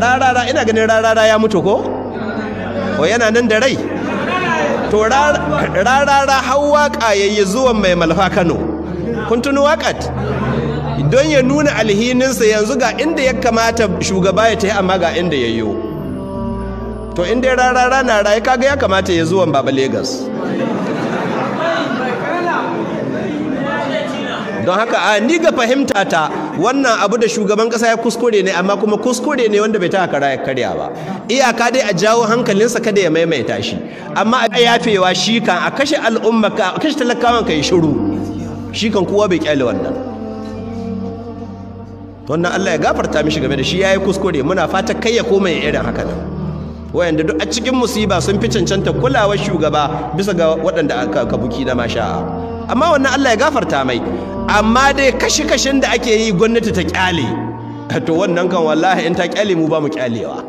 rarara ina ganin rarara ya mutu ko o yana nan da rai to rarara hawa waka yayi zuwan mai malafa Kano kun tuni wakat don ya nuna alhininsa yanzu ga inda ya kamata shugaba ya ta yi amma ga inda ya yayyo to inda rarara na raye kaga ya kamata ya zuwan baba Legas? don haka a ni ga fahimta ta wannan abu da shugaban kasa ya kuskure ne amma kuma kuskure ne wanda bai ta kara ya karya ba iyaka dai a jawo hankalinsa kada ya maimaita shi amma a yafewa shi kan a kashe al'umma ka a kashe talakawan ka yi shiru shi kan kowa bai kyale wannan wannan Allah ya gafarta mishi game da shi yayi kuskure muna fata kai ya koma irin haka nan wayanda duk a cikin musiba sun fi cancanta kulawar shugaba bisa ga waɗanda aka kabuki na masha'a amma wannan Allah ya gafarta mai amma dai kashe-kashen da ake yi gwamnati ta kyale to wannan kan wallahi in ta kyale mu ba mu kyalewa